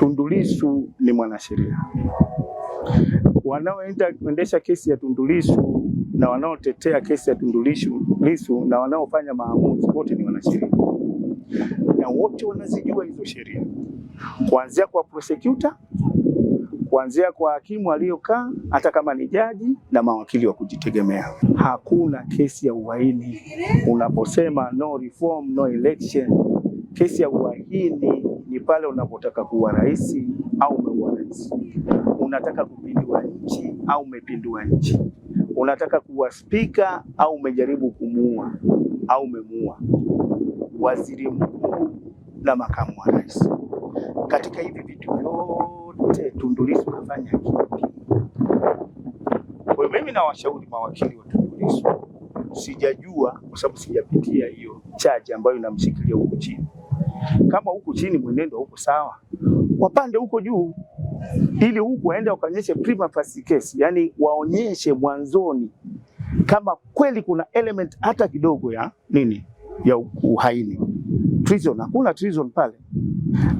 Tundu Lissu ni mwanasheria. wanaoenda kuendesha kesi ya Tundu Lissu na wanaotetea kesi ya Tundu Lissu na wanaofanya maamuzi wote ni wanasheria, na wote wanazijua hizo sheria, kuanzia kwa prosecutor, kuanzia kwa hakimu aliyokaa, hata kama ni jaji na mawakili wa kujitegemea. Hakuna kesi ya uhaini unaposema no reform, no election. Kesi ya uhaini ni pale unapotaka kuwa rais au umeua rais, unataka kupindua nchi au umepindua nchi, unataka kuwa spika au umejaribu kumuua au umemuua, waziri mkuu na makamu wa rais. Katika hivi vitu vyote Tundu Lissu kafanya kipi? Kwa mimi nawashauri mawakili wa Tundu Lissu, sijajua kwa sababu sijapitia hiyo chaji ambayo inamshikilia huko chini kama huku chini mwenendo huko sawa, wapande huko juu, ili huku waende wakaonyeshe prima facie case, yani waonyeshe mwanzoni kama kweli kuna element hata kidogo ya nini ya uhaini treason. Hakuna treason pale,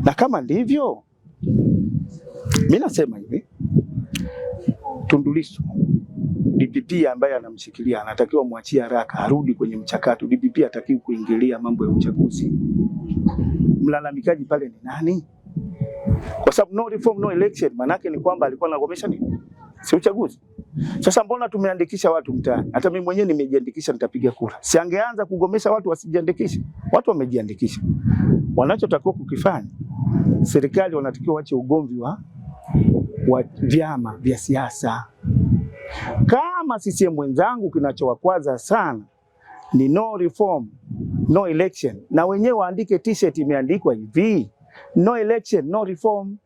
na kama ndivyo, mimi nasema hivi Tundu Lissu DPP ambaye anamshikilia anatakiwa mwachie haraka arudi kwenye mchakato. DPP atakiwa kuingilia mambo ya uchaguzi. Mlalamikaji pale ni nani? Kwa sababu no reform no election, manake ni kwamba alikuwa anakomesha nini? Si uchaguzi. Sasa mbona tumeandikisha watu mtaani? Hata mimi mwenyewe nimejiandikisha, nitapiga kura. Si angeanza kugomesha watu wasijiandikishe? Watu wamejiandikisha. Wanachotakiwa kukifanya, serikali wanatakiwa wache ugomvi wa, wa vyama vya siasa. Kama CCM mwenzangu, kinachowakwaza sana ni no reform no election, na wenyewe waandike t-shirt imeandikwa hivi no election no reform.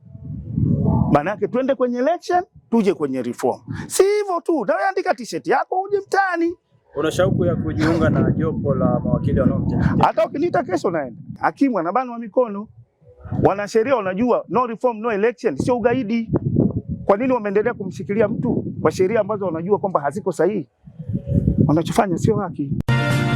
Manake twende kwenye election tuje kwenye reform, si hivyo tu. Na andika t-shirt yako uje mtaani. Una shauku ya kujiunga na jopo la mawakili wanaomtetea? Hata ukiniita kesho naenda. Hakimu wa mikono, wanasheria wanajua no reform no election sio ugaidi. Kwa nini wameendelea kumshikilia mtu? kwa sheria ambazo wanajua kwamba haziko sahihi. Wanachofanya sio haki.